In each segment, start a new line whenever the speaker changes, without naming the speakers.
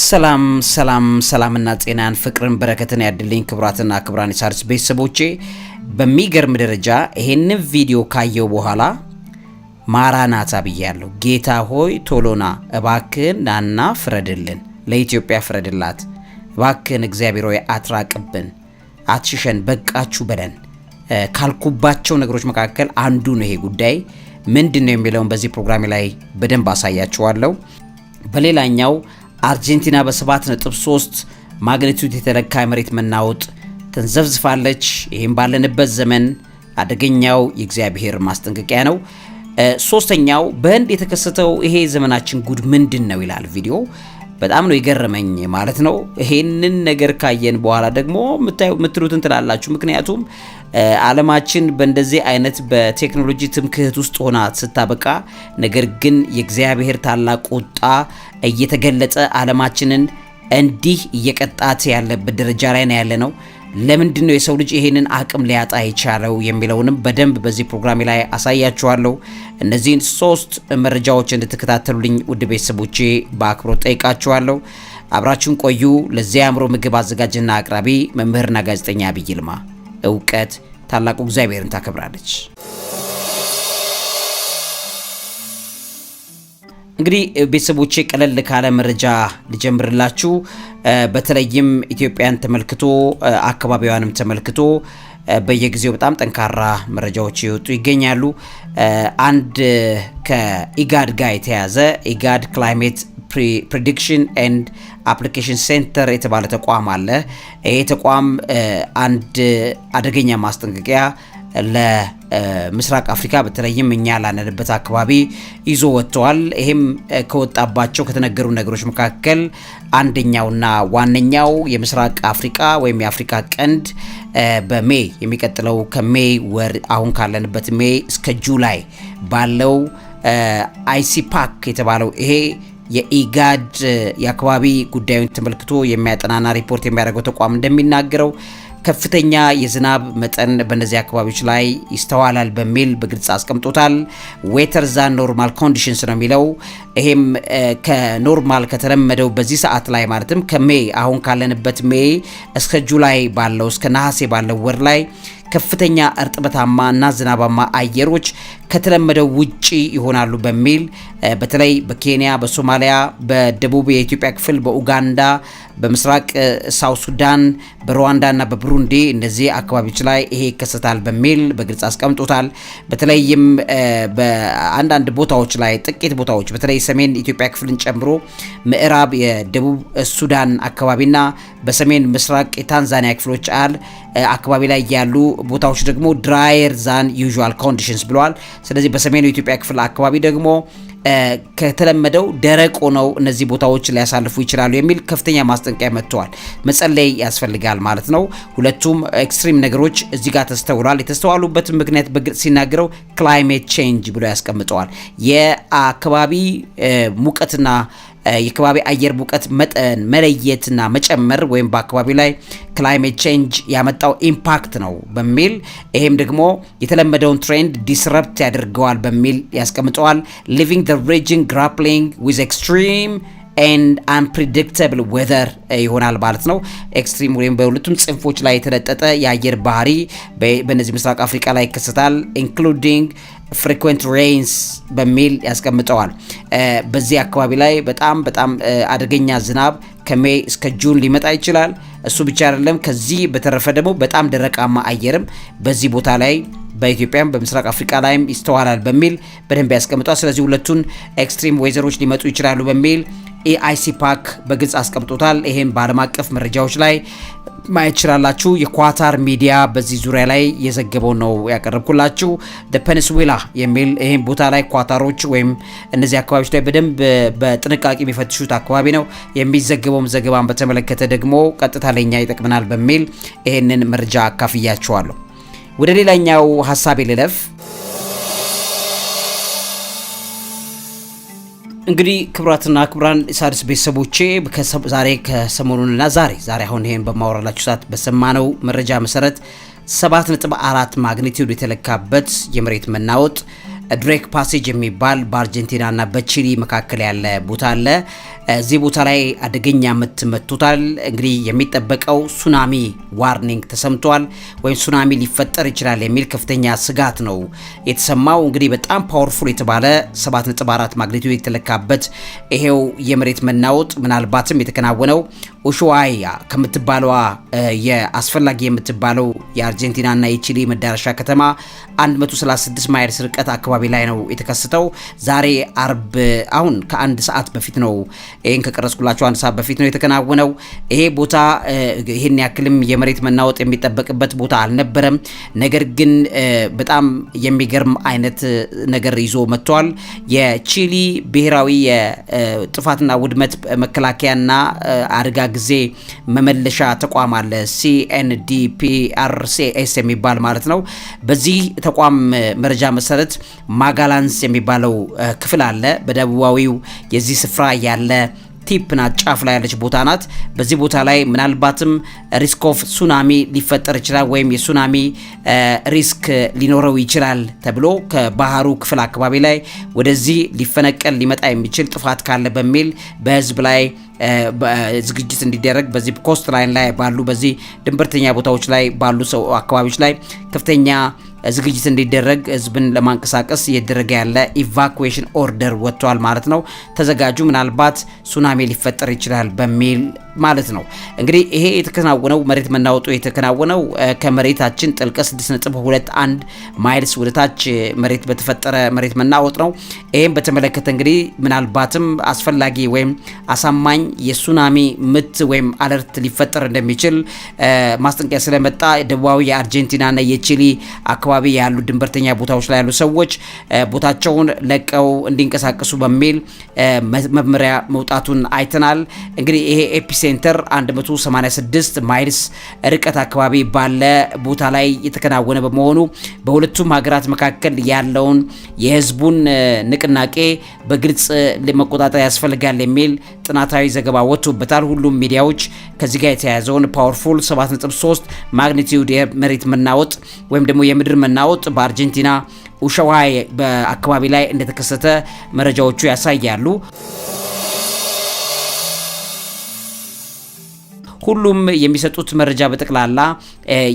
ሰላም ሰላም ሰላምና ጤናን ፍቅርን በረከትን ያድልኝ ክቡራትና ክቡራን የሣድስ ቤተሰቦቼ፣ በሚገርም ደረጃ ይሄንን ቪዲዮ ካየው በኋላ ማራናታ ብያለሁ። ጌታ ሆይ ቶሎና እባክህን ናና ፍረድልን፣ ለኢትዮጵያ ፍረድላት እባክህን እግዚአብሔር ሆይ አትራቅብን፣ አትሽሸን፣ በቃችሁ በለን ካልኩባቸው ነገሮች መካከል አንዱ ነው ይሄ ጉዳይ። ምንድን ነው የሚለውን በዚህ ፕሮግራሜ ላይ በደንብ አሳያችኋለሁ። በሌላኛው አርጀንቲና በ7.3 ማግኒቱድ የተለካ የመሬት መናወጥ ተንዘፍዝፋለች። ይህም ባለንበት ዘመን አደገኛው የእግዚአብሔር ማስጠንቀቂያ ነው። ሶስተኛው በህንድ የተከሰተው ይሄ ዘመናችን ጉድ ምንድን ነው ይላል ቪዲዮ። በጣም ነው የገረመኝ ማለት ነው። ይሄንን ነገር ካየን በኋላ ደግሞ ምትሉትን ትላላችሁ። ምክንያቱም አለማችን በእንደዚህ አይነት በቴክኖሎጂ ትምክህት ውስጥ ሆና ስታበቃ፣ ነገር ግን የእግዚአብሔር ታላቅ ቁጣ እየተገለጠ ዓለማችንን እንዲህ እየቀጣት ያለበት ደረጃ ላይ ነው ያለ ነው። ለምንድን ነው የሰው ልጅ ይሄንን አቅም ሊያጣ የቻለው የሚለውንም በደንብ በዚህ ፕሮግራሜ ላይ አሳያችኋለሁ። እነዚህን ሶስት መረጃዎች እንድትከታተሉልኝ ውድ ቤተሰቦቼ በአክብሮት ጠይቃችኋለሁ። አብራችሁን ቆዩ። ለዚያ አእምሮ ምግብ አዘጋጅና አቅራቢ መምህርና ጋዜጠኛ አብይልማ ይልማ። እውቀት ታላቁ እግዚአብሔርን ታከብራለች። እንግዲህ ቤተሰቦቼ ቀለል ካለ መረጃ ልጀምርላችሁ። በተለይም ኢትዮጵያን ተመልክቶ አካባቢዋንም ተመልክቶ በየጊዜው በጣም ጠንካራ መረጃዎች እየወጡ ይገኛሉ። አንድ ከኢጋድ ጋር የተያዘ ኢጋድ ክላይሜት ፕሪዲክሽን ኤንድ አፕሊኬሽን ሴንተር የተባለ ተቋም አለ። ይሄ ተቋም አንድ አደገኛ ማስጠንቀቂያ ለምስራቅ አፍሪካ በተለይም እኛ ላነንበት አካባቢ ይዞ ወጥተዋል። ይህም ከወጣባቸው ከተነገሩ ነገሮች መካከል አንደኛውና ዋነኛው የምስራቅ አፍሪካ ወይም የአፍሪካ ቀንድ በሜይ የሚቀጥለው ከሜይ ወር አሁን ካለንበት ሜይ እስከ ጁላይ ባለው አይሲፓክ የተባለው ይሄ የኢጋድ የአካባቢ ጉዳዩን ተመልክቶ የሚያጠናና ሪፖርት የሚያደርገው ተቋም እንደሚናገረው ከፍተኛ የዝናብ መጠን በእነዚህ አካባቢዎች ላይ ይስተዋላል በሚል በግልጽ አስቀምጦታል። ዌተር ዛን ኖርማል ኮንዲሽንስ ነው የሚለው። ይሄም ከኖርማል ከተለመደው በዚህ ሰዓት ላይ ማለትም ከሜይ አሁን ካለንበት ሜይ እስከ ጁላይ ባለው እስከ ነሐሴ ባለው ወር ላይ ከፍተኛ እርጥበታማ እና ዝናባማ አየሮች ከተለመደው ውጪ ይሆናሉ በሚል በተለይ በኬንያ፣ በሶማሊያ፣ በደቡብ የኢትዮጵያ ክፍል፣ በኡጋንዳ በምስራቅ ሳው ሱዳን፣ በሩዋንዳና በብሩንዲ እነዚህ አካባቢዎች ላይ ይሄ ይከሰታል በሚል በግልጽ አስቀምጦታል። በተለይም በአንዳንድ ቦታዎች ላይ ጥቂት ቦታዎች በተለይ ሰሜን ኢትዮጵያ ክፍልን ጨምሮ ምዕራብ የደቡብ ሱዳን አካባቢና በሰሜን ምስራቅ የታንዛኒያ ክፍሎች አል አካባቢ ላይ ያሉ ቦታዎች ደግሞ ድራየር ዛን ዩዥዋል ኮንዲሽንስ ብለዋል። ስለዚህ በሰሜኑ ኢትዮጵያ ክፍል አካባቢ ደግሞ ከተለመደው ደረቅ ሆነው እነዚህ ቦታዎች ሊያሳልፉ ይችላሉ የሚል ከፍተኛ ማስጠንቀቂያ መጥተዋል። መጸለይ ያስፈልጋል ማለት ነው። ሁለቱም ኤክስትሪም ነገሮች እዚህ ጋር ተስተውሏል። የተስተዋሉበትን ምክንያት በግልጽ ሲናገረው ክላይሜት ቼንጅ ብሎ ያስቀምጠዋል። የአካባቢ ሙቀትና የከባቢ አየር ሙቀት መጠን መለየትና መጨመር ወይም በአካባቢው ላይ ክላይሜት ቼንጅ ያመጣው ኢምፓክት ነው በሚል ይሄም ደግሞ የተለመደውን ትሬንድ ዲስረፕት ያደርገዋል በሚል ያስቀምጠዋል። ሊቪንግ ዘ ሪጅን ግራፕሊንግ ዊዝ ኤክስትሪም ኤንድ አንፕሪዲክተብል ዌዘር ይሆናል ማለት ነው። ኤክስትሪም ወይም በሁለቱም ጽንፎች ላይ የተለጠጠ የአየር ባህሪ በእነዚህ ምስራቅ አፍሪካ ላይ ይከሰታል ኢንክሉዲንግ ፍሪኩዌንት ሬይንስ በሚል ያስቀምጠዋል። በዚህ አካባቢ ላይ በጣም በጣም አደገኛ ዝናብ ከሜይ እስከ ጁን ሊመጣ ይችላል። እሱ ብቻ አይደለም። ከዚህ በተረፈ ደግሞ በጣም ደረቃማ አየርም በዚህ ቦታ ላይ በኢትዮጵያም በምስራቅ አፍሪካ ላይም ይስተዋላል በሚል በደንብ ያስቀምጠዋል። ስለዚህ ሁለቱን ኤክስትሪም ዌዘሮች ሊመጡ ይችላሉ በሚል ኤአይሲፓክ በግልጽ አስቀምጦታል። ይሄም በዓለም አቀፍ መረጃዎች ላይ ማየት ችላላችሁ የኳታር ሚዲያ በዚህ ዙሪያ ላይ የዘገበው ነው ያቀረብኩላችሁ። ፔንስዌላ የሚል ይህም ቦታ ላይ ኳታሮች ወይም እነዚህ አካባቢዎች ላይ በደንብ በጥንቃቄ የሚፈትሹት አካባቢ ነው። የሚዘገበውም ዘገባን በተመለከተ ደግሞ ቀጥታ ለኛ ይጠቅመናል በሚል ይህንን መረጃ አካፍያችኋለሁ። ወደ ሌላኛው ሀሳቤ ልለፍ። እንግዲህ ክብራትና ክብራን የሣድስ ቤተሰቦቼ ዛሬ ከሰሞኑንና ዛሬ ዛሬ አሁን ይሄን በማወራላችሁ ሰዓት በሰማነው መረጃ መሰረት 7.4 ማግኒቲዩድ የተለካበት የመሬት መናወጥ ድሬክ ፓሴጅ የሚባል በአርጀንቲናና በቺሊ መካከል ያለ ቦታ አለ። እዚህ ቦታ ላይ አደገኛ ምት መቶታል። እንግዲህ የሚጠበቀው ሱናሚ ዋርኒንግ ተሰምቷል፣ ወይም ሱናሚ ሊፈጠር ይችላል የሚል ከፍተኛ ስጋት ነው የተሰማው። እንግዲህ በጣም ፓወርፉል የተባለ 7.4 ማግኒቱድ የተለካበት ይሄው የመሬት መናወጥ ምናልባትም የተከናወነው ኡሹዋያ ከምትባለዋ የአስፈላጊ የምትባለው የአርጀንቲናና የቺሊ መዳረሻ ከተማ 136 ማይልስ ርቀት አካባቢ አካባቢ ላይ ነው የተከሰተው። ዛሬ አርብ አሁን ከአንድ ሰዓት በፊት ነው ይህን ከቀረጽኩላቸው አንድ ሰዓት በፊት ነው የተከናወነው። ይሄ ቦታ ይህን ያክልም የመሬት መናወጥ የሚጠበቅበት ቦታ አልነበረም። ነገር ግን በጣም የሚገርም አይነት ነገር ይዞ መጥቷል። የቺሊ ብሔራዊ የጥፋትና ውድመት መከላከያና አደጋ ጊዜ መመለሻ ተቋም አለ ሲኤንዲፒአርሲኤስ የሚባል ማለት ነው። በዚህ ተቋም መረጃ መሰረት ማጋላንስ የሚባለው ክፍል አለ። በደቡባዊው የዚህ ስፍራ ያለ ቲፕ ናት፣ ጫፍ ላይ ያለች ቦታ ናት። በዚህ ቦታ ላይ ምናልባትም ሪስክ ኦፍ ሱናሚ ሊፈጠር ይችላል ወይም የሱናሚ ሪስክ ሊኖረው ይችላል ተብሎ ከባህሩ ክፍል አካባቢ ላይ ወደዚህ ሊፈነቀል ሊመጣ የሚችል ጥፋት ካለ በሚል በህዝብ ላይ ዝግጅት እንዲደረግ በዚህ ኮስት ላይን ላይ ባሉ በዚህ ድንበርተኛ ቦታዎች ላይ ባሉ ሰው አካባቢዎች ላይ ከፍተኛ ዝግጅት እንዲደረግ ህዝብን ለማንቀሳቀስ የደረገ ያለ ኢቫኩዌሽን ኦርደር ወጥቷል ማለት ነው። ተዘጋጁ፣ ምናልባት ሱናሚ ሊፈጠር ይችላል በሚል ማለት ነው። እንግዲህ ይሄ የተከናወነው መሬት መናወጡ የተከናወነው ከመሬታችን ጥልቀ 6.21 ማይልስ ወደታች መሬት በተፈጠረ መሬት መናወጥ ነው። ይህም በተመለከተ እንግዲህ ምናልባትም አስፈላጊ ወይም አሳማኝ የሱናሚ ምት ወይም አለርት ሊፈጠር እንደሚችል ማስጠንቀቂያ ስለመጣ ደቡባዊ የአርጀንቲናና የቺሊ አካባቢ ያሉ ድንበርተኛ ቦታዎች ላይ ያሉ ሰዎች ቦታቸውን ለቀው እንዲንቀሳቀሱ በሚል መመሪያ መውጣቱን አይተናል። እንግዲህ ይሄ ኤፒሲ ሴንተር 186 ማይልስ ርቀት አካባቢ ባለ ቦታ ላይ የተከናወነ በመሆኑ በሁለቱም ሀገራት መካከል ያለውን የህዝቡን ንቅናቄ በግልጽ መቆጣጠር ያስፈልጋል የሚል ጥናታዊ ዘገባ ወጥቶበታል። ሁሉም ሚዲያዎች ከዚህ ጋር የተያያዘውን ፓወርፉል 7.3 ማግኒቲዩድ የመሬት መናወጥ ወይም ደግሞ የምድር መናወጥ በአርጀንቲና ኡሻዋይ በአካባቢ ላይ እንደተከሰተ መረጃዎቹ ያሳያሉ። ሁሉም የሚሰጡት መረጃ በጠቅላላ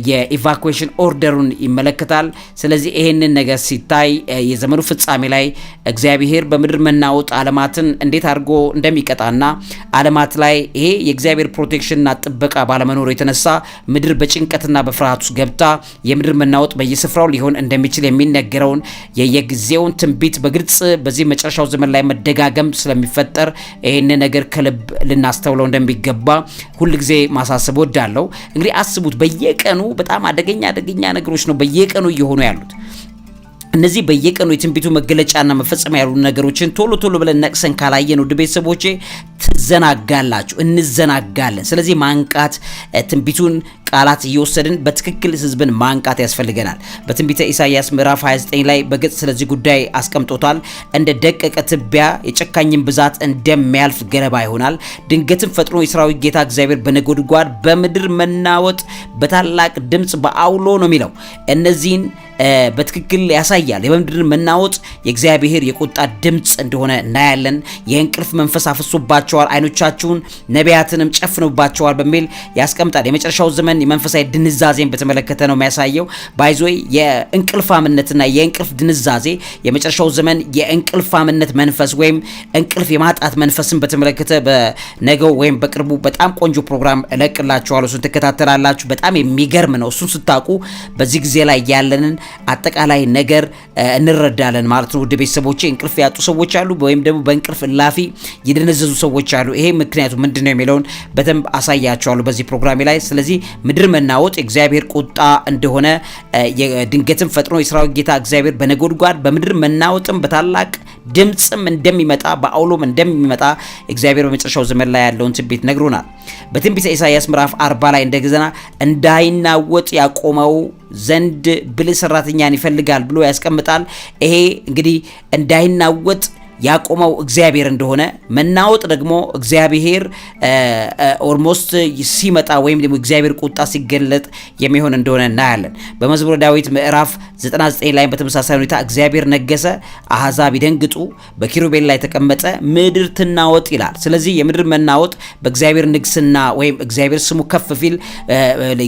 የኢቫኩዌሽን ኦርደሩን ይመለከታል። ስለዚህ ይሄንን ነገር ሲታይ የዘመኑ ፍጻሜ ላይ እግዚአብሔር በምድር መናወጥ አለማትን እንዴት አድርጎ እንደሚቀጣና አለማት ላይ ይሄ የእግዚአብሔር ፕሮቴክሽንና ጥበቃ ባለመኖሩ የተነሳ ምድር በጭንቀትና በፍርሃት ውስጥ ገብታ የምድር መናወጥ በየስፍራው ሊሆን እንደሚችል የሚነገረውን የየጊዜውን ትንቢት በግልጽ በዚህ መጨረሻው ዘመን ላይ መደጋገም ስለሚፈጠር ይህን ነገር ከልብ ልናስተውለው እንደሚገባ ሁልጊዜ ማሳሰብ ወዳለው። እንግዲህ አስቡት በየቀኑ በጣም አደገኛ አደገኛ ነገሮች ነው በየቀኑ እየሆኑ ያሉት። እነዚህ በየቀኑ የትንቢቱ መገለጫና መፈጸሚያ ያሉ ነገሮችን ቶሎ ቶሎ ብለን ነቅሰን ካላየን ውድ ቤተሰቦቼ ትዘናጋላችሁ፣ እንዘናጋለን። ስለዚህ ማንቃት ትንቢቱን ቃላት እየወሰድን በትክክል ህዝብን ማንቃት ያስፈልገናል። በትንቢተ ኢሳይያስ ምዕራፍ 29 ላይ በግልጽ ስለዚህ ጉዳይ አስቀምጦታል። እንደ ደቀቀ ትቢያ የጨካኝን ብዛት እንደሚያልፍ ገለባ ይሆናል። ድንገትን ፈጥኖ የሰራዊት ጌታ እግዚአብሔር በነጎድጓድ በምድር መናወጥ በታላቅ ድምፅ በአውሎ ነው የሚለው እነዚህን በትክክል ያሳያል። የምድር መናወጥ የእግዚአብሔር የቁጣ ድምፅ እንደሆነ እናያለን። የእንቅልፍ መንፈስ አፍሶባቸዋል፣ አይኖቻችሁን ነቢያትንም ጨፍኖባቸዋል በሚል ያስቀምጣል። የመጨረሻው ዘመን ያን የመንፈሳዊ ድንዛዜን በተመለከተ ነው የሚያሳየው። ባይዞይ የእንቅልፋምነትና የእንቅልፍ ድንዛዜ የመጨረሻው ዘመን የእንቅልፋምነት መንፈስ ወይም እንቅልፍ የማጣት መንፈስን በተመለከተ በነገው ወይም በቅርቡ በጣም ቆንጆ ፕሮግራም እለቅላችኋለሁ። እሱን ትከታተላላችሁ። በጣም የሚገርም ነው። እሱን ስታውቁ በዚህ ጊዜ ላይ ያለንን አጠቃላይ ነገር እንረዳለን ማለት ነው። ውድ ቤተሰቦቼ እንቅልፍ ያጡ ሰዎች አሉ፣ ወይም ደግሞ በእንቅልፍ እላፊ የደነዘዙ ሰዎች አሉ። ይሄ ምክንያቱ ምንድን ነው የሚለውን በደንብ አሳያችኋለሁ በዚህ ፕሮግራሜ ላይ ስለዚህ ምድር መናወጥ የእግዚአብሔር ቁጣ እንደሆነ ድንገትም ፈጥኖ የሰራዊት ጌታ እግዚአብሔር በነጎድጓድ በምድር መናወጥም በታላቅ ድምፅም እንደሚመጣ በአውሎም እንደሚመጣ እግዚአብሔር በመጨረሻው ዘመን ላይ ያለውን ትንቢት ነግሮናል። በትንቢተ ኢሳይያስ ምዕራፍ 40 ላይ እንደገዘና እንዳይናወጥ ያቆመው ዘንድ ብልህ ሰራተኛን ይፈልጋል ብሎ ያስቀምጣል። ይሄ እንግዲህ እንዳይናወጥ ያቆመው እግዚአብሔር እንደሆነ መናወጥ ደግሞ እግዚአብሔር ኦልሞስት ሲመጣ ወይም ደግሞ እግዚአብሔር ቁጣ ሲገለጥ የሚሆን እንደሆነ እናያለን። በመዝሙረ ዳዊት ምዕራፍ 99 ላይ በተመሳሳይ ሁኔታ እግዚአብሔር ነገሰ፣ አሕዛብ ይደንግጡ፣ በኪሩቤል ላይ ተቀመጠ፣ ምድር ትናወጥ ይላል። ስለዚህ የምድር መናወጥ በእግዚአብሔር ንግስና ወይም እግዚአብሔር ስሙ ከፍ ፊል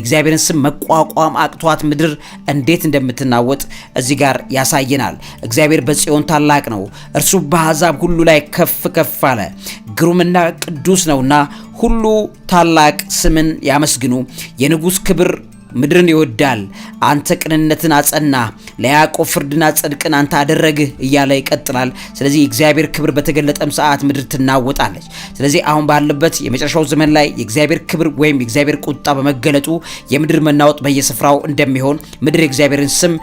እግዚአብሔርን ስም መቋቋም አቅቷት ምድር እንዴት እንደምትናወጥ እዚህ ጋር ያሳየናል። እግዚአብሔር በጽዮን ታላቅ ነው እርሱ በአሕዛብ ሁሉ ላይ ከፍ ከፍ አለ። ግሩምና ቅዱስ ነውና ሁሉ ታላቅ ስምን ያመስግኑ። የንጉሥ ክብር ምድርን ይወዳል። አንተ ቅንነትን አጸና፣ ለያዕቆብ ፍርድና ጽድቅን አንተ አደረግህ እያለ ይቀጥላል። ስለዚህ የእግዚአብሔር ክብር በተገለጠም ሰዓት ምድር ትናወጣለች። ስለዚህ አሁን ባለበት የመጨረሻው ዘመን ላይ የእግዚአብሔር ክብር ወይም የእግዚአብሔር ቁጣ በመገለጡ የምድር መናወጥ በየስፍራው እንደሚሆን ምድር የእግዚአብሔርን ስም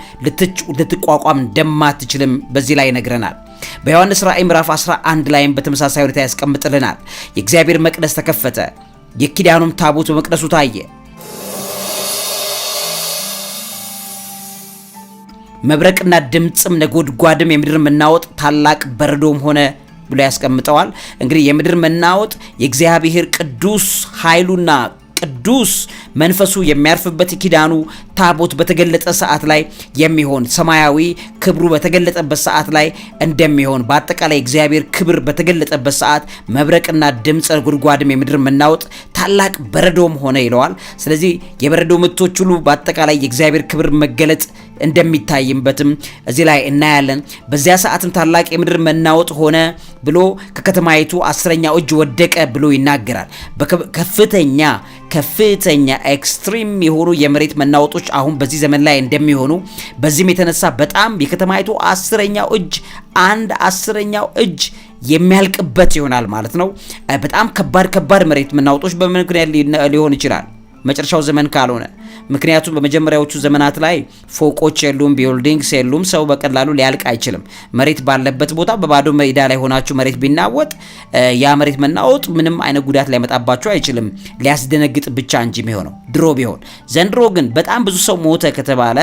ልትቋቋም እንደማትችልም በዚህ ላይ ይነግረናል። በዮሐንስ ራእይ ምዕራፍ 11 ላይም በተመሳሳይ ሁኔታ ያስቀምጥልናል። የእግዚአብሔር መቅደስ ተከፈተ፣ የኪዳኑም ታቦት በመቅደሱ ታየ። መብረቅና ድምፅም ነጎድጓድም፣ የምድር መናወጥ፣ ታላቅ በረዶም ሆነ ብሎ ያስቀምጠዋል። እንግዲህ የምድር መናወጥ የእግዚአብሔር ቅዱስ ኃይሉና ቅዱስ መንፈሱ የሚያርፍበት ኪዳኑ ታቦት በተገለጠ ሰዓት ላይ የሚሆን ሰማያዊ ክብሩ በተገለጠበት ሰዓት ላይ እንደሚሆን በአጠቃላይ እግዚአብሔር ክብር በተገለጠበት ሰዓት መብረቅና ድምፅ ጉድጓድም የምድር መናወጥ ታላቅ በረዶም ሆነ ይለዋል። ስለዚህ የበረዶ ምቶች ሁሉ በአጠቃላይ የእግዚአብሔር ክብር መገለጥ እንደሚታይበትም እዚህ ላይ እናያለን። በዚያ ሰዓትም ታላቅ የምድር መናወጥ ሆነ ብሎ ከከተማይቱ አስረኛው እጅ ወደቀ ብሎ ይናገራል። ከፍተኛ ከፍተኛ ኤክስትሪም የሆኑ የመሬት መናወጦች አሁን በዚህ ዘመን ላይ እንደሚሆኑ በዚህም የተነሳ በጣም የከተማይቱ አስረኛው እጅ አንድ አስረኛው እጅ የሚያልቅበት ይሆናል ማለት ነው። በጣም ከባድ ከባድ መሬት መናወጦች በምክንያት ሊሆን ይችላል መጨረሻው ዘመን ካልሆነ ምክንያቱም በመጀመሪያዎቹ ዘመናት ላይ ፎቆች የሉም፣ ቢልዲንግስ የሉም። ሰው በቀላሉ ሊያልቅ አይችልም። መሬት ባለበት ቦታ በባዶ ሜዳ ላይ ሆናችሁ መሬት ቢናወጥ ያ መሬት መናወጥ ምንም አይነት ጉዳት ሊያመጣባችሁ አይችልም፣ ሊያስደነግጥ ብቻ እንጂ የሚሆነው ድሮ ቢሆን። ዘንድሮ ግን በጣም ብዙ ሰው ሞተ ከተባለ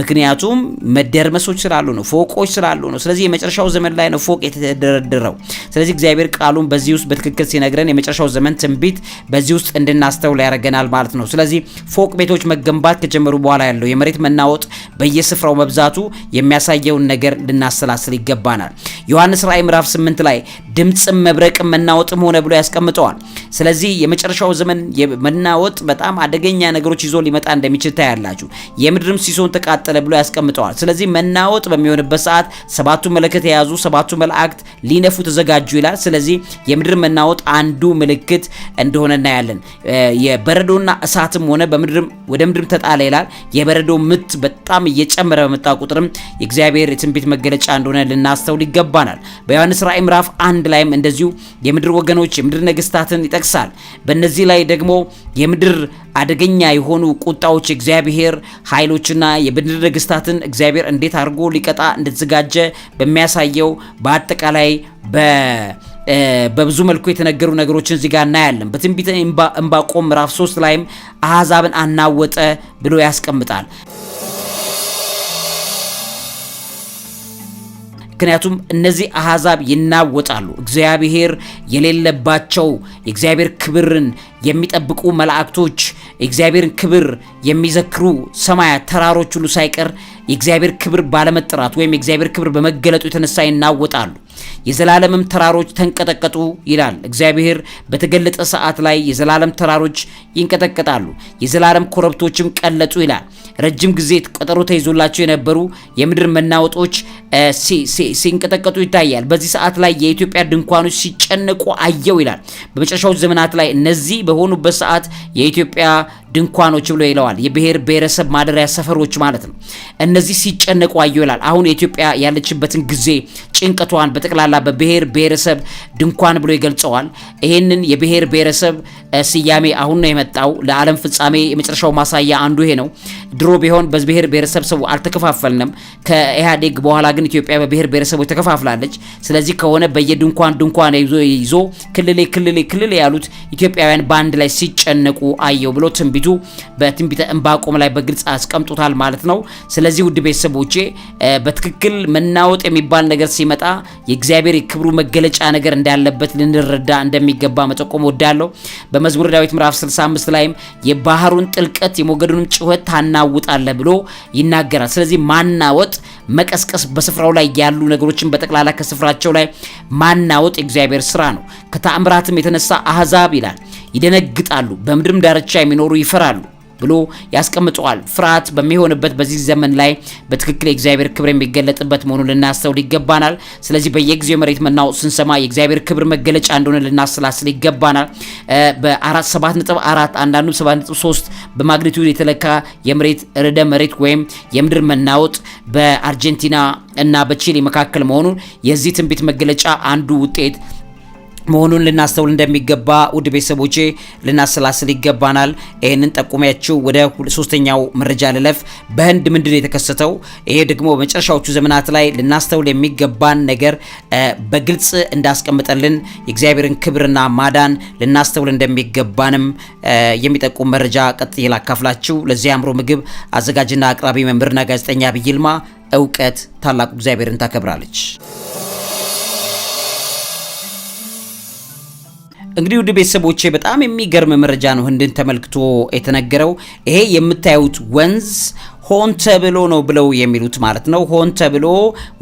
ምክንያቱም መደርመሶች ስላሉ ነው፣ ፎቆች ስላሉ ነው። ስለዚህ የመጨረሻው ዘመን ላይ ነው ፎቅ የተደረደረው። ስለዚህ እግዚአብሔር ቃሉን በዚህ ውስጥ በትክክል ሲነግረን የመጨረሻው ዘመን ትንቢት በዚህ ውስጥ እንድናስተውል ያደርገናል ማለት ነው። ስለዚህ ፎቅ ቤቶች መገንባት ከጀመሩ በኋላ ያለው የመሬት መናወጥ በየስፍራው መብዛቱ የሚያሳየውን ነገር ልናሰላስል ይገባናል። ዮሐንስ ራእይ ምዕራፍ 8 ላይ ድምፅም መብረቅም መናወጥም ሆነ ብሎ ያስቀምጠዋል። ስለዚህ የመጨረሻው ዘመን መናወጥ በጣም አደገኛ ነገሮች ይዞ ሊመጣ እንደሚችል ታያላችሁ። የምድርም ሲሶን ተቃጠለ ብሎ ያስቀምጠዋል። ስለዚህ መናወጥ በሚሆንበት ሰዓት ሰባቱ መለከት የያዙ ሰባቱ መላእክት ሊነፉ ተዘጋጁ ይላል። ስለዚህ የምድር መናወጥ አንዱ ምልክት እንደሆነ እናያለን። የበረዶና እሳትም ሆነ በምድርም ወደ ምድር ተጣለ ይላል። የበረዶ ምት በጣም እየጨመረ በመጣ ቁጥርም የእግዚአብሔር የትንቢት መገለጫ እንደሆነ ልናስተውል ይገባናል። በዮሐንስ ራእይ ምዕራፍ አንድ ላይም እንደዚሁ የምድር ወገኖች የምድር ነገስታትን ይጠቅሳል። በእነዚህ ላይ ደግሞ የምድር አደገኛ የሆኑ ቁጣዎች እግዚአብሔር ኃይሎችና የምድር ነገስታትን እግዚአብሔር እንዴት አድርጎ ሊቀጣ እንደተዘጋጀ በሚያሳየው በአጠቃላይ በ በብዙ መልኩ የተነገሩ ነገሮችን እዚህ ጋር እናያለን። በትንቢተ ዕንባቆም ምዕራፍ 3 ላይም አሕዛብን አናወጠ ብሎ ያስቀምጣል። ምክንያቱም እነዚህ አሕዛብ ይናወጣሉ። እግዚአብሔር የሌለባቸው የእግዚአብሔር ክብርን የሚጠብቁ መላእክቶች የእግዚአብሔርን ክብር የሚዘክሩ ሰማያት ተራሮች ሁሉ ሳይቀር የእግዚአብሔር ክብር ባለመጠራት ወይም የእግዚአብሔር ክብር በመገለጡ የተነሳ ይናወጣሉ። የዘላለምም ተራሮች ተንቀጠቀጡ ይላል። እግዚአብሔር በተገለጠ ሰዓት ላይ የዘላለም ተራሮች ይንቀጠቀጣሉ፣ የዘላለም ኮረብቶችም ቀለጡ ይላል። ረጅም ጊዜ ቀጠሮ ተይዞላቸው የነበሩ የምድር መናወጦች ሲንቀጠቀጡ ይታያል። በዚህ ሰዓት ላይ የኢትዮጵያ ድንኳኖች ሲጨነቁ አየው ይላል። በመጨረሻው ዘመናት ላይ እነዚህ በሆኑበት ሰዓት የኢትዮጵያ ድንኳኖች ብሎ ይለዋል። የብሔር ብሔረሰብ ማደሪያ ሰፈሮች ማለት ነው። እነዚህ ሲጨነቁ አየሁ ይላል። አሁን የኢትዮጵያ ያለችበትን ጊዜ ጭንቀቷን በጠቅላላ በብሔር ብሔረሰብ ድንኳን ብሎ ይገልጸዋል። ይህንን የብሔር ብሔረሰብ ስያሜ አሁን ነው የመጣው። ለዓለም ፍጻሜ የመጨረሻው ማሳያ አንዱ ይሄ ነው። ድሮ ቢሆን በብሔር ብሔረሰብ ሰው አልተከፋፈልንም። ከኢህአዴግ በኋላ ግን ኢትዮጵያ በብሔር ብሔረሰቦች ተከፋፍላለች። ስለዚህ ከሆነ በየድንኳን ድንኳን ይዞ ክልሌ ክልሌ ክልሌ ያሉት ኢትዮጵያውያን በአንድ ላይ ሲጨነቁ አየው ብሎ ትንቢቱ ትንቢቱ በትንቢተ እንባቆም ላይ በግልጽ አስቀምጦታል ማለት ነው። ስለዚህ ውድ ቤተሰቦቼ በትክክል መናወጥ የሚባል ነገር ሲመጣ የእግዚአብሔር የክብሩ መገለጫ ነገር እንዳለበት ልንረዳ እንደሚገባ መጠቆም ወዳለሁ። በመዝሙር ዳዊት ምዕራፍ 65 ላይም የባህሩን ጥልቀት የሞገዱንም ጩኸት ታናውጣለ ብሎ ይናገራል። ስለዚህ ማናወጥ፣ መቀስቀስ፣ በስፍራው ላይ ያሉ ነገሮችን በጠቅላላ ከስፍራቸው ላይ ማናወጥ የእግዚአብሔር ስራ ነው። ከታምራትም የተነሳ አህዛብ ይላል ይደነግጣሉ፣ በምድርም ዳርቻ የሚኖሩ ይፈራሉ ብሎ ያስቀምጠዋል። ፍርሃት በሚሆንበት በዚህ ዘመን ላይ በትክክል የእግዚአብሔር ክብር የሚገለጥበት መሆኑን ልናስተውል ይገባናል። ስለዚህ በየጊዜው መሬት መናወጥ ስንሰማ የእግዚአብሔር ክብር መገለጫ እንደሆነ ልናስላስል ይገባናል። በአራት ሰባት ነጥብ አራት አንዳንዱ ሰባት ነጥብ ሶስት በማግኒቱድ የተለካ የመሬት ርዕደ መሬት ወይም የምድር መናወጥ በአርጀንቲና እና በቺሊ መካከል መሆኑን የዚህ ትንቢት መገለጫ አንዱ ውጤት መሆኑን ልናስተውል እንደሚገባ ውድ ቤተሰቦቼ ልናሰላስል ይገባናል። ይህንን ጠቁሚያችሁ ወደ ሶስተኛው መረጃ ልለፍ። በህንድ ምንድን የተከሰተው? ይሄ ደግሞ በመጨረሻዎቹ ዘመናት ላይ ልናስተውል የሚገባን ነገር በግልጽ እንዳስቀምጠልን የእግዚአብሔርን ክብርና ማዳን ልናስተውል እንደሚገባንም የሚጠቁም መረጃ ቀጥዬ ላካፍላችሁ። ለዚህ አእምሮ ምግብ አዘጋጅና አቅራቢ መምህርና ጋዜጠኛ ዐቢይ ይልማ። እውቀት ታላቁ እግዚአብሔርን ታከብራለች። እንግዲህ ውድ ቤተሰቦቼ በጣም የሚገርም መረጃ ነው ህንድን ተመልክቶ የተነገረው። ይሄ የምታዩት ወንዝ ሆን ተብሎ ነው ብለው የሚሉት ማለት ነው። ሆን ተብሎ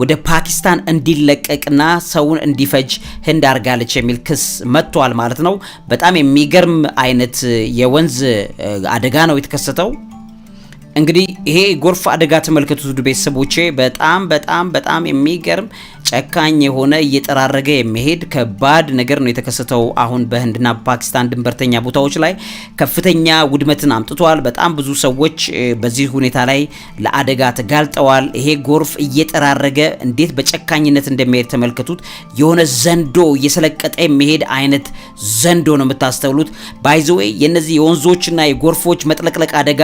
ወደ ፓኪስታን እንዲለቀቅና ሰውን እንዲፈጅ ህንድ አርጋለች የሚል ክስ መጥቷል ማለት ነው። በጣም የሚገርም አይነት የወንዝ አደጋ ነው የተከሰተው። እንግዲህ ይሄ ጎርፍ አደጋ ተመልከቱት ቤተሰቦቼ በጣም በጣም በጣም የሚገርም ጨካኝ የሆነ እየጠራረገ የሚሄድ ከባድ ነገር ነው የተከሰተው። አሁን በህንድና ፓኪስታን ድንበርተኛ ቦታዎች ላይ ከፍተኛ ውድመትን አምጥቷል። በጣም ብዙ ሰዎች በዚህ ሁኔታ ላይ ለአደጋ ተጋልጠዋል። ይሄ ጎርፍ እየጠራረገ እንዴት በጨካኝነት እንደሚሄድ ተመልከቱት። የሆነ ዘንዶ እየሰለቀጠ የሚሄድ አይነት ዘንዶ ነው የምታስተውሉት። ባይዘዌ የነዚህ የወንዞችና የጎርፎች መጥለቅለቅ አደጋ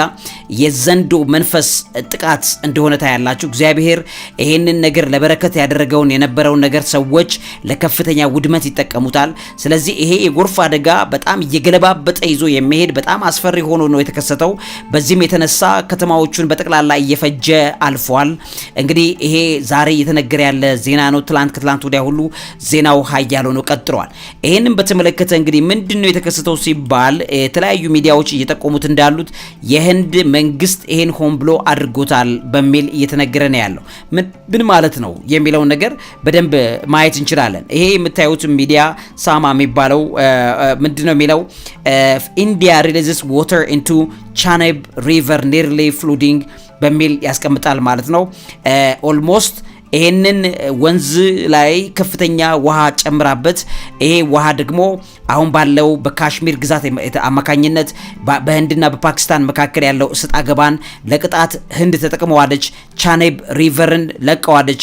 የዘንዶ መንፈስ ጥቃት እንደሆነ ታያላችሁ። እግዚአብሔር ይሄንን ነገር ለበረከት ያደረገውን ያለውን የነበረውን ነገር ሰዎች ለከፍተኛ ውድመት ይጠቀሙታል። ስለዚህ ይሄ የጎርፍ አደጋ በጣም እየገለባበጠ ይዞ የሚሄድ በጣም አስፈሪ ሆኖ ነው የተከሰተው። በዚህም የተነሳ ከተማዎቹን በጠቅላላ እየፈጀ አልፏል። እንግዲህ ይሄ ዛሬ እየተነገረ ያለ ዜና ነው። ትላንት ከትላንት ወዲያ ሁሉ ዜናው ሀያል ሆኖ ቀጥሏል። ይህንም በተመለከተ እንግዲህ ምንድን ነው የተከሰተው ሲባል የተለያዩ ሚዲያዎች እየጠቆሙት እንዳሉት የህንድ መንግስት ይሄን ሆን ብሎ አድርጎታል በሚል እየተነገረ ነው ያለው። ምን ማለት ነው የሚለውን ነገር በደንብ ማየት እንችላለን። ይሄ የምታዩት ሚዲያ ሳማ የሚባለው ምንድን ነው የሚለው ኢንዲያ ሪሊዝስ ዋተር ኢንቱ ቻናብ ሪቨር ኒርሊ ፍሉዲንግ በሚል ያስቀምጣል ማለት ነው ኦልሞስት ይህንን ወንዝ ላይ ከፍተኛ ውሃ ጨምራበት ይሄ ውሃ ደግሞ አሁን ባለው በካሽሚር ግዛት አማካኝነት በህንድና በፓኪስታን መካከል ያለው እሰጥ አገባን ለቅጣት ህንድ ተጠቅመዋለች። ቻኔብ ሪቨርን ለቀዋለች።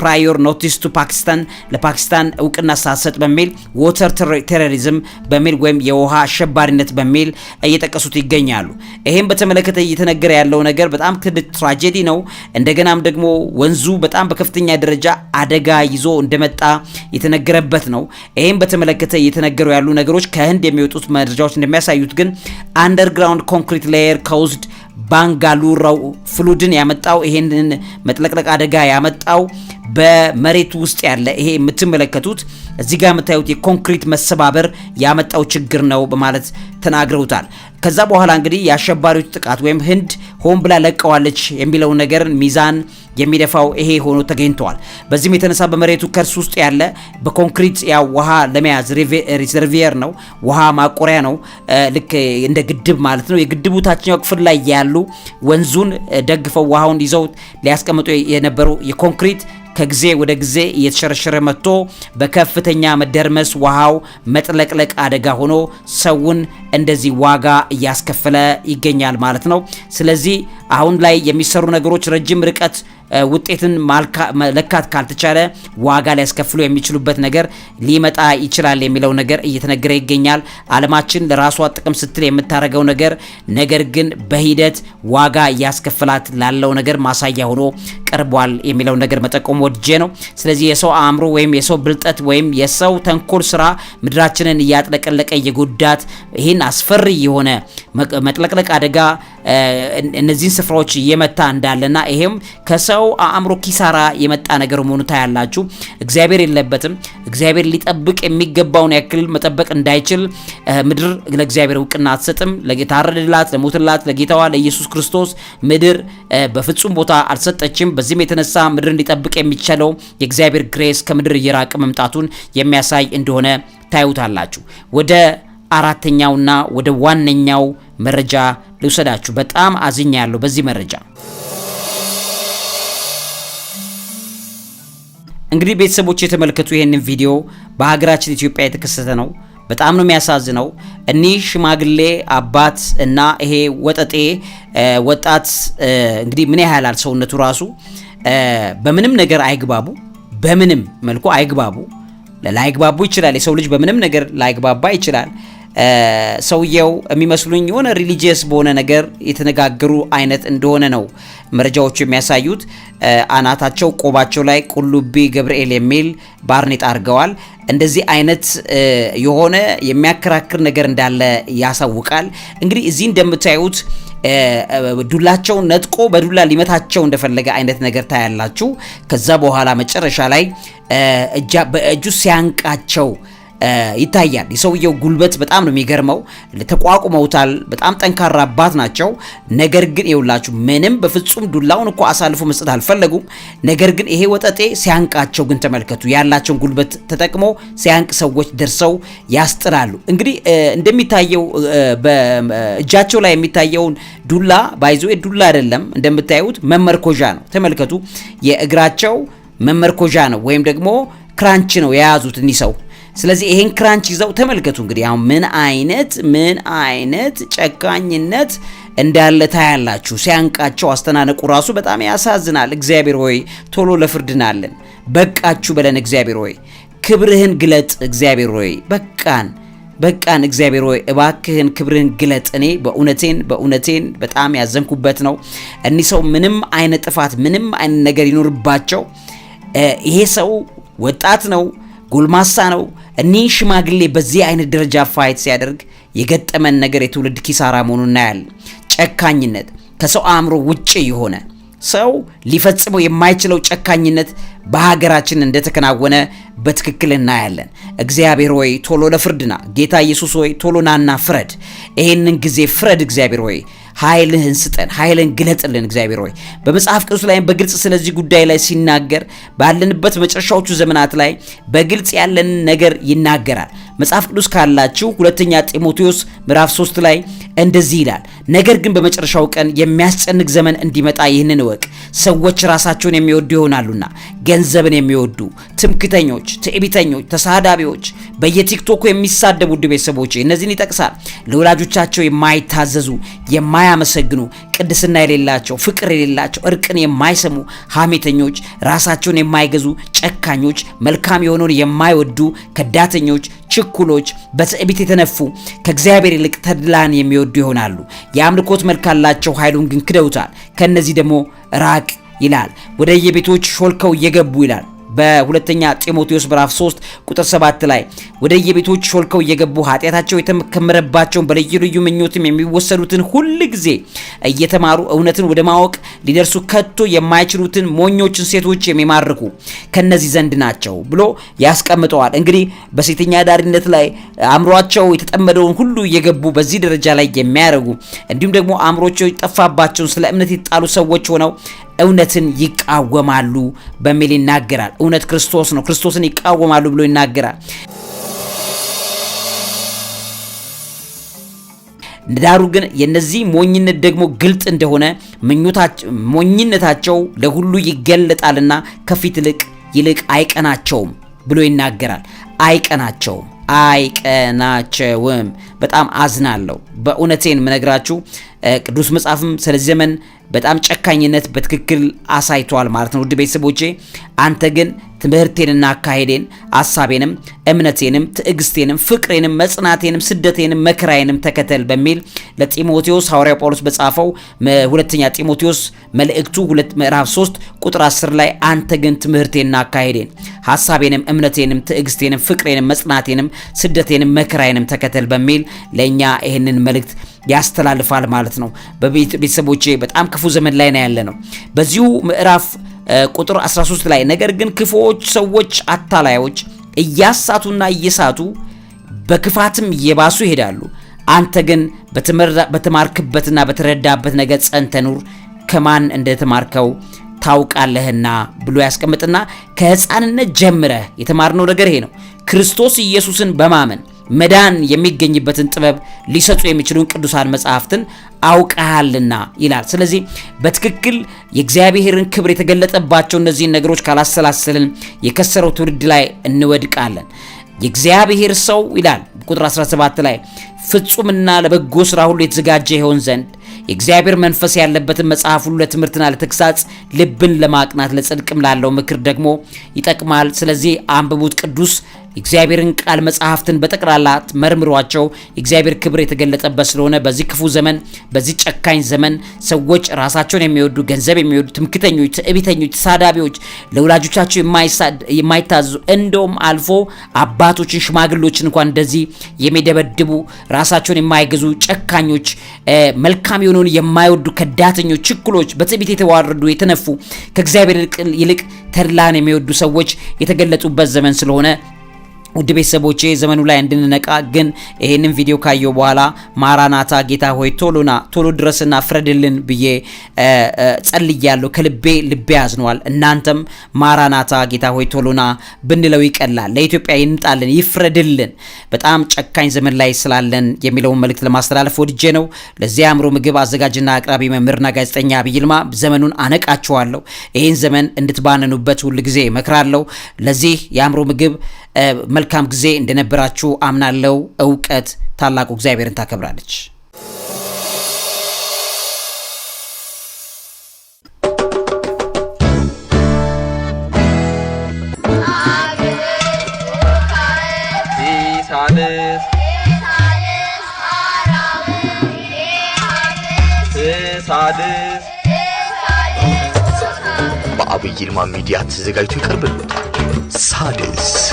ፕራዮር ኖቲስ ቱ ፓኪስታን ለፓኪስታን እውቅና ሳሰጥ በሚል ዎተር ቴሮሪዝም በሚል ወይም የውሃ አሸባሪነት በሚል እየጠቀሱት ይገኛሉ። ይሄም በተመለከተ እየተነገረ ያለው ነገር በጣም ትልቅ ትራጀዲ ነው። እንደገናም ደግሞ ወንዙ በጣም በከፍተኛ ደረጃ አደጋ ይዞ እንደመጣ የተነገረበት ነው። ይህም በተመለከተ እየተነገሩ ያሉ ነገሮች ከህንድ የሚወጡት መረጃዎች እንደሚያሳዩት ግን አንደርግራውንድ ኮንክሪት ሌየር ከውስድ ባንጋሉራው ፍሉድን ያመጣው ይሄንን መጥለቅለቅ አደጋ ያመጣው በመሬት ውስጥ ያለ ይሄ የምትመለከቱት እዚህ ጋር የምታዩት የኮንክሪት መሰባበር ያመጣው ችግር ነው በማለት ተናግረውታል። ከዛ በኋላ እንግዲህ የአሸባሪዎች ጥቃት ወይም ህንድ ሆን ብላ ለቀዋለች የሚለው ነገር ሚዛን የሚደፋው ይሄ ሆኖ ተገኝተዋል። በዚህም የተነሳ በመሬቱ ከርስ ውስጥ ያለ በኮንክሪት ያው ውሃ ለመያዝ ሪዘርቪየር ነው፣ ውሃ ማቆሪያ ነው፣ ልክ እንደ ግድብ ማለት ነው። የግድቡ ታችኛው ክፍል ላይ ያሉ ወንዙን ደግፈው ውሃውን ይዘው ሊያስቀምጡ የነበሩ የኮንክሪት ከጊዜ ወደ ጊዜ እየተሸረሸረ መጥቶ በከፍተኛ መደርመስ ውሃው መጥለቅለቅ አደጋ ሆኖ ሰውን እንደዚህ ዋጋ እያስከፈለ ይገኛል ማለት ነው። ስለዚህ አሁን ላይ የሚሰሩ ነገሮች ረጅም ርቀት ውጤትን መለካት ካልተቻለ ዋጋ ሊያስከፍሉ የሚችሉበት ነገር ሊመጣ ይችላል የሚለው ነገር እየተነገረ ይገኛል። አለማችን ለራሷ ጥቅም ስትል የምታደርገው ነገር ነገር ግን በሂደት ዋጋ ያስከፍላት ላለው ነገር ማሳያ ሆኖ ቀርቧል የሚለው ነገር መጠቆም ወድጄ ነው። ስለዚህ የሰው አእምሮ ወይም የሰው ብልጠት ወይም የሰው ተንኮል ስራ ምድራችንን እያጥለቀለቀ የጉዳት ይህን አስፈሪ የሆነ መጥለቅለቅ አደጋ እነዚህን ስፍራዎች እየመታ እንዳለና ይሄም ከሰው አእምሮ ኪሳራ የመጣ ነገር መሆኑ ታያላችሁ። እግዚአብሔር የለበትም። እግዚአብሔር ሊጠብቅ የሚገባውን ያክል መጠበቅ እንዳይችል ምድር ለእግዚአብሔር እውቅና አትሰጥም። ለታረደላት፣ ለሞትላት፣ ለጌታዋ ለኢየሱስ ክርስቶስ ምድር በፍጹም ቦታ አልሰጠችም። በዚህም የተነሳ ምድርን ሊጠብቅ የሚቻለው የእግዚአብሔር ግሬስ ከምድር እየራቀ መምጣቱን የሚያሳይ እንደሆነ ታዩታላችሁ ወደ አራተኛውና ወደ ዋነኛው መረጃ ልውሰዳችሁ። በጣም አዝኛ ያለው በዚህ መረጃ እንግዲህ ቤተሰቦች የተመለከቱ ይህንን ቪዲዮ በሀገራችን ኢትዮጵያ የተከሰተ ነው። በጣም ነው የሚያሳዝነው። እኒህ ሽማግሌ አባት እና ይሄ ወጠጤ ወጣት እንግዲህ ምን ያህላል ሰውነቱ ራሱ በምንም ነገር አይግባቡ፣ በምንም መልኩ አይግባቡ። ላይግባቡ ይችላል። የሰው ልጅ በምንም ነገር ላይግባባ ይችላል። ሰውየው የሚመስሉኝ የሆነ ሪሊጂየስ በሆነ ነገር የተነጋገሩ አይነት እንደሆነ ነው መረጃዎቹ የሚያሳዩት። አናታቸው ቆባቸው ላይ ቁልቢ ገብርኤል የሚል ባርኔጣ አድርገዋል። እንደዚህ አይነት የሆነ የሚያከራክር ነገር እንዳለ ያሳውቃል። እንግዲህ እዚህ እንደምታዩት ዱላቸውን ነጥቆ በዱላ ሊመታቸው እንደፈለገ አይነት ነገር ታያላችሁ። ከዛ በኋላ መጨረሻ ላይ በእጁ ሲያንቃቸው ይታያል። የሰውየው ጉልበት በጣም ነው የሚገርመው። ተቋቁመውታል። በጣም ጠንካራ አባት ናቸው። ነገር ግን ይውላችሁ ምንም በፍጹም ዱላውን እኮ አሳልፎ መስጠት አልፈለጉም። ነገር ግን ይሄ ወጠጤ ሲያንቃቸው ግን ተመልከቱ። ያላቸውን ጉልበት ተጠቅሞ ሲያንቅ ሰዎች ደርሰው ያስጥላሉ። እንግዲህ እንደሚታየው በእጃቸው ላይ የሚታየውን ዱላ ባይዞ ዱላ አይደለም፣ እንደምታዩት መመርኮዣ ነው። ተመልከቱ፣ የእግራቸው መመርኮዣ ነው ወይም ደግሞ ክራንች ነው የያዙት እኒህ ሰው ስለዚህ ይሄን ክራንች ይዘው ተመልከቱ። እንግዲህ አሁን ምን አይነት ምን አይነት ጨካኝነት እንዳለ ታያላችሁ። ሲያንቃቸው አስተናነቁ ራሱ በጣም ያሳዝናል። እግዚአብሔር ሆይ ቶሎ ለፍርድናለን፣ በቃችሁ በለን። እግዚአብሔር ሆይ ክብርህን ግለጥ። እግዚአብሔር ሆይ በቃን በቃን እግዚአብሔር ሆይ እባክህን ክብርህን ግለጥ። እኔ በእውነቴን በእውነቴን በጣም ያዘንኩበት ነው። እኒህ ሰው ምንም አይነት ጥፋት ምንም አይነት ነገር ይኖርባቸው፣ ይሄ ሰው ወጣት ነው፣ ጎልማሳ ነው፣ እኒህ ሽማግሌ በዚህ አይነት ደረጃ ፋይት ሲያደርግ የገጠመን ነገር የትውልድ ኪሳራ መሆኑን እናያለን። ጨካኝነት፣ ከሰው አእምሮ ውጪ የሆነ ሰው ሊፈጽመው የማይችለው ጨካኝነት በሀገራችን እንደተከናወነ በትክክል እናያለን። እግዚአብሔር ሆይ ቶሎ ለፍርድና ጌታ ኢየሱስ ሆይ ቶሎ ናና ፍረድ፣ ይህንን ጊዜ ፍረድ እግዚአብሔር ሆይ ኃይልህን ስጠን፣ ኃይልን ግለጥልን እግዚአብሔር ሆይ። በመጽሐፍ ቅዱስ ላይም በግልጽ ስለዚህ ጉዳይ ላይ ሲናገር ባለንበት መጨረሻዎቹ ዘመናት ላይ በግልጽ ያለንን ነገር ይናገራል። መጽሐፍ ቅዱስ ካላችሁ ሁለተኛ ጢሞቴዎስ ምዕራፍ 3 ላይ እንደዚህ ይላል፣ ነገር ግን በመጨረሻው ቀን የሚያስጨንቅ ዘመን እንዲመጣ ይህንን እወቅ። ሰዎች ራሳቸውን የሚወዱ ይሆናሉና፣ ገንዘብን የሚወዱ ትምክተኞች፣ ትዕቢተኞች፣ ተሳዳቢዎች፣ በየቲክቶኩ የሚሳደቡ ውድ ቤተሰቦች እነዚህን ይጠቅሳል። ለወላጆቻቸው የማይታዘዙ የማያመሰግኑ፣ ቅድስና የሌላቸው፣ ፍቅር የሌላቸው፣ እርቅን የማይሰሙ፣ ሐሜተኞች፣ ራሳቸውን የማይገዙ፣ ጨካኞች፣ መልካም የሆነውን የማይወዱ፣ ከዳተኞች ችኩሎች፣ በትዕቢት የተነፉ ከእግዚአብሔር ይልቅ ተድላን የሚወዱ ይሆናሉ። የአምልኮት መልክ አላቸው፣ ኃይሉን ግን ክደውታል። ከእነዚህ ደግሞ ራቅ ይላል። ወደ የቤቶች ሾልከው እየገቡ ይላል በሁለተኛ ጢሞቴዎስ ምዕራፍ 3 ቁጥር 7 ላይ ወደ የቤቶች ሾልከው እየገቡ ኃጢአታቸው የተከመረባቸውን በልዩ ልዩ ምኞትም የሚወሰዱትን ሁል ጊዜ እየተማሩ እውነትን ወደ ማወቅ ሊደርሱ ከቶ የማይችሉትን ሞኞችን ሴቶች የሚማርኩ ከነዚህ ዘንድ ናቸው ብሎ ያስቀምጠዋል። እንግዲህ በሴተኛ ዳሪነት ላይ አእምሯቸው የተጠመደውን ሁሉ እየገቡ በዚህ ደረጃ ላይ የሚያደርጉ እንዲሁም ደግሞ አእምሮቸው የጠፋባቸውን ስለ እምነት የተጣሉ ሰዎች ሆነው እውነትን ይቃወማሉ በሚል ይናገራል። እውነት ክርስቶስ ነው። ክርስቶስን ይቃወማሉ ብሎ ይናገራል። ዳሩ ግን የነዚህ ሞኝነት ደግሞ ግልጥ እንደሆነ ሞኝነታቸው ለሁሉ ይገለጣልና ከፊት ይልቅ ይልቅ አይቀናቸውም ብሎ ይናገራል። አይቀናቸውም አይቀናቸውም። በጣም አዝናለሁ። በእውነቴን ምነግራችሁ ቅዱስ መጽሐፍም ስለዚህ ዘመን በጣም ጨካኝነት በትክክል አሳይቷል ማለት ነው። ውድ ቤተሰቦቼ አንተ ግን ትምህርቴንና አካሄዴን አሳቤንም እምነቴንም ትዕግስቴንም ፍቅሬንም መጽናቴንም ስደቴንም መከራዬንም ተከተል በሚል ለጢሞቴዎስ ሐዋርያ ጳውሎስ በጻፈው ሁለተኛ ጢሞቴዎስ መልእክቱ ሁለት ምዕራፍ 3 ቁጥር 10 ላይ አንተ ግን ትምህርቴንና አካሄዴን ሐሳቤንም እምነቴንም ትዕግስቴንም ፍቅሬንም መጽናቴንም ስደቴንም መከራዬንም ተከተል በሚል ለእኛ ይህንን መልእክት ያስተላልፋል ማለት ነው። በቤተሰቦቼ በጣም ክፉ ዘመን ላይ ነው ያለ ነው። በዚሁ ምዕራፍ ቁጥር 13 ላይ ነገር ግን ክፉዎች ሰዎች አታላዮች እያሳቱና እየሳቱ በክፋትም እየባሱ ይሄዳሉ። አንተ ግን በተማርክበትና በተረዳበት ነገር ጸንተ ኑር፣ ከማን እንደተማርከው ታውቃለህና ብሎ ያስቀምጥና ከህፃንነት ጀምረህ የተማርነው ነገር ይሄ ነው። ክርስቶስ ኢየሱስን በማመን መዳን የሚገኝበትን ጥበብ ሊሰጡ የሚችሉን ቅዱሳን መጽሐፍትን አውቀሃልና ይላል። ስለዚህ በትክክል የእግዚአብሔርን ክብር የተገለጠባቸው እነዚህን ነገሮች ካላሰላሰልን የከሰረው ትውልድ ላይ እንወድቃለን። የእግዚአብሔር ሰው ይላል ቁጥር 17 ላይ ፍጹምና ለበጎ ስራ ሁሉ የተዘጋጀ ይሆን ዘንድ የእግዚአብሔር መንፈስ ያለበትን መጽሐፍ ሁሉ ለትምህርትና ለተግሳጽ፣ ልብን ለማቅናት፣ ለጽድቅም ላለው ምክር ደግሞ ይጠቅማል። ስለዚህ አንብቡት። ቅዱስ የእግዚአብሔርን ቃል መጽሐፍትን በጠቅላላ መርምሯቸው የእግዚአብሔር ክብር የተገለጠበት ስለሆነ በዚህ ክፉ ዘመን፣ በዚህ ጨካኝ ዘመን ሰዎች ራሳቸውን የሚወዱ ገንዘብ የሚወዱ ትምክተኞች፣ ትዕቢተኞች፣ ተሳዳቢዎች፣ ለወላጆቻቸው የማይታዙ እንደውም አልፎ አባቶችን ሽማግሎችን እንኳን እንደዚህ የሚደበድቡ ራሳቸውን የማይገዙ ጨካኞች፣ መልካም የሆነውን የማይወዱ ከዳተኞች፣ ችኩሎች፣ በትዕቢት የተዋረዱ የተነፉ ከእግዚአብሔር ይልቅ ተድላን የሚወዱ ሰዎች የተገለጡበት ዘመን ስለሆነ ውድ ቤተሰቦቼ ዘመኑ ላይ እንድንነቃ ግን ይሄንን ቪዲዮ ካየው በኋላ ማራናታ ጌታ ሆይ ቶሎና ቶሎ ድረስና ፍረድልን ብዬ ጸልያለሁ። ከልቤ ልቤ ያዝኗል። እናንተም ማራናታ ጌታ ሆይ ቶሎና ብንለው ይቀላል። ለኢትዮጵያ ይምጣልን፣ ይፍረድልን። በጣም ጨካኝ ዘመን ላይ ስላለን የሚለውን መልእክት ለማስተላለፍ ወድጄ ነው። ለዚህ አእምሮ ምግብ አዘጋጅና አቅራቢ መምህርና ጋዜጠኛ ዐቢይ ይልማ ዘመኑን አነቃቸዋለሁ። ይህን ዘመን እንድትባንኑበት ሁልጊዜ መክራለሁ። ለዚህ የአእምሮ ምግብ መልካም ጊዜ እንደነበራችሁ አምናለው። እውቀት ታላቁ እግዚአብሔርን ታከብራለች። በአብይ ይልማ ሚዲያ ተዘጋጅቶ ይቀርብልዎታል። Sadis.